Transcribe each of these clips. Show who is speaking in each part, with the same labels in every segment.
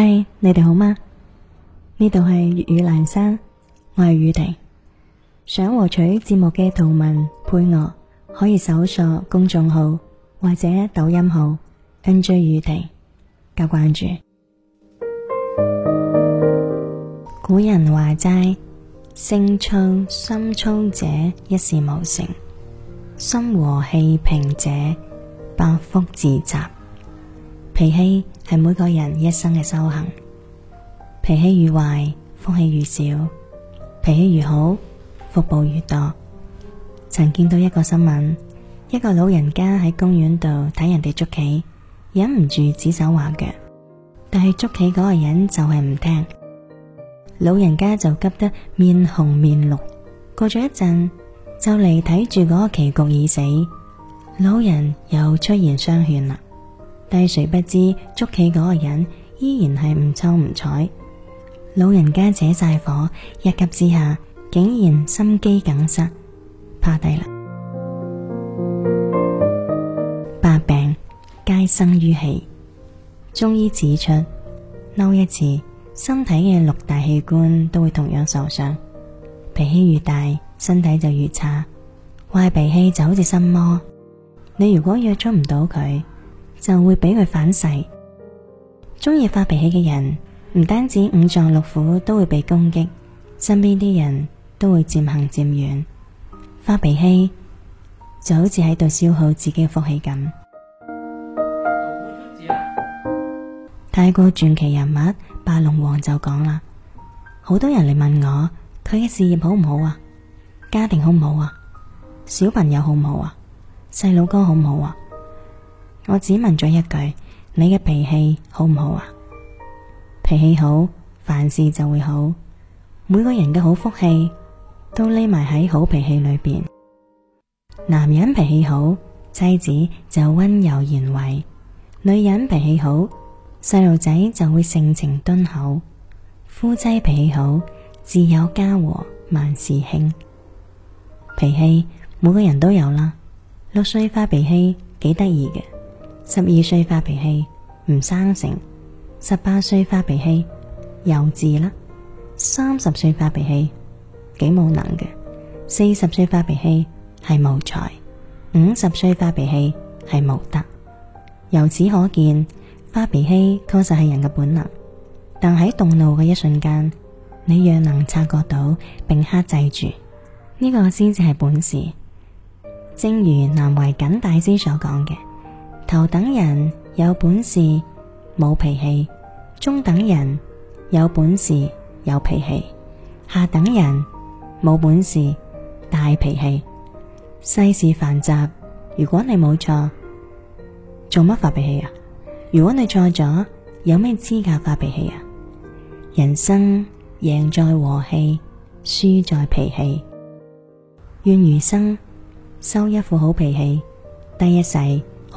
Speaker 1: 嗨，hey, 你哋好嗎？呢度係粵語闌山，我係雨婷。想獲取節目嘅圖文配樂，可以搜索公眾號或者抖音號 NJ 雨婷加關注。 古人話齋，性躁心粗者一事無成，心和氣平者百福自集。脾氣，係每個人一生嘅修行，脾氣越壞，福氣越少；脾氣越好，福報越多。曾見到一個新聞，一個老人家喺公園度睇人哋捉棋，忍唔住指手畫腳，但係捉棋嗰個人就係唔聽，老人家就急得面紅面綠。過咗一陣，就嚟睇住嗰個棋局已死，老人又出言相勸啦。但係誰不知捉起嗰個人依然係唔抽唔睬，老人家扯晒火，一急之下竟然心肌梗塞，趴低啦。百病皆生於氣，中醫指出，嬲一次，身體嘅六大器官都會同樣受傷。脾氣越大，身體就越差。壞脾氣就好似心魔，你如果約束唔到佢。就會俾佢反噬，中意發脾氣嘅人唔單止五臟六腑都會被攻擊，身邊啲人都會漸行漸遠。發脾氣就好似喺度消耗自己嘅福氣咁。 泰國傳奇人物白龍王就講啦，好多人嚟問我佢嘅事業好唔好啊，家庭好唔好啊，小朋友好唔好啊，細佬哥好唔好啊？我只問咗一句：你嘅脾氣好唔好啊？脾氣好，凡事就會好。每個人嘅好福氣都匿埋喺好脾氣裏邊。男人脾氣好，妻子就温柔賢惠；女人脾氣好，細路仔就會性情敦厚。夫妻脾氣好，自有家和萬事興。脾氣每個人都有啦，六歲發脾氣幾得意嘅。十二歲發脾氣唔生性，十八歲發脾氣幼稚啦，三十歲發脾氣幾冇能嘅，四十歲發脾氣係無才，五十歲發脾氣係無德。由此可見，發脾氣確實係人嘅本能，但喺動怒嘅一瞬間，你若能察覺到並克制住呢個，先至係本事。正如南懷瑾大師所講嘅。頭等人有本事冇脾氣，中等人有本事有脾氣，下等人冇本事大脾氣。世事繁雜，如果你冇錯，做乜發脾氣啊？如果你錯咗，有咩資格發脾氣啊？人生贏在和氣，輸在脾氣。願餘生收一副好脾氣，第一世。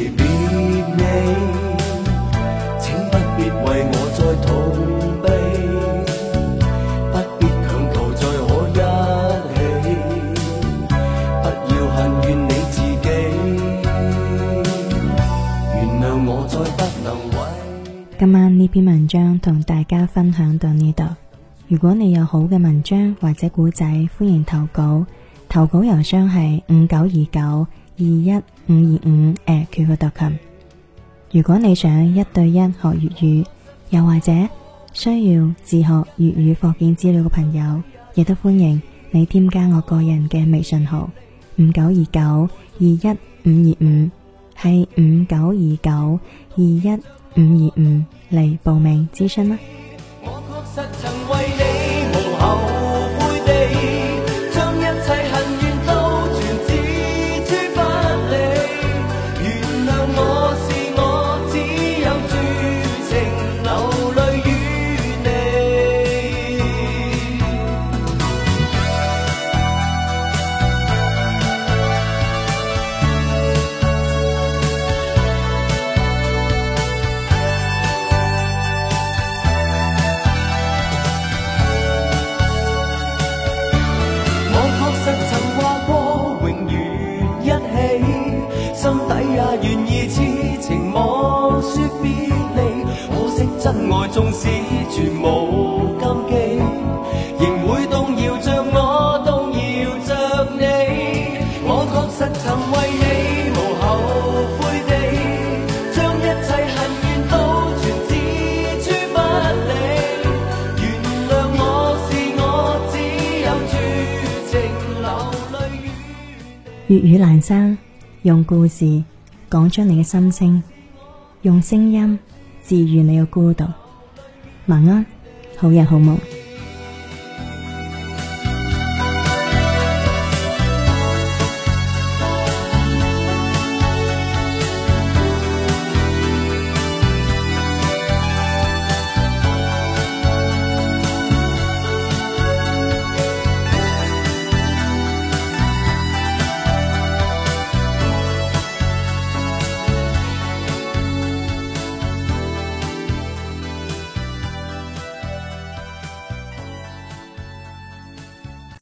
Speaker 2: 離別你，請不必為我再痛悲，不必強求再可一起。不要恨怨你自己，原諒我再不能。
Speaker 1: 今晚呢篇文章同大家分享到呢度。如果你有好嘅文章或者古仔，歡迎投稿。投稿郵箱係五九二九二一。五二五，誒，佢個獨琴。如果你想一對一學粵語，又或者需要自學粵語課件資料嘅朋友，亦都歡迎你添加我個人嘅微信號五九二九二一五二五，係五九二九二一五二五嚟報名諮詢啦。
Speaker 2: 愛縱使全無禁忌，仍會動搖著我，動搖著你，我確實曾為你，無後悔地，將一切恨怨都全置諸不理，原諒我是我，只有絕情流淚。
Speaker 1: 粵語闌珊用故事講出你嘅心聲，用聲音。治愈你嘅孤獨，晚安，好人好夢。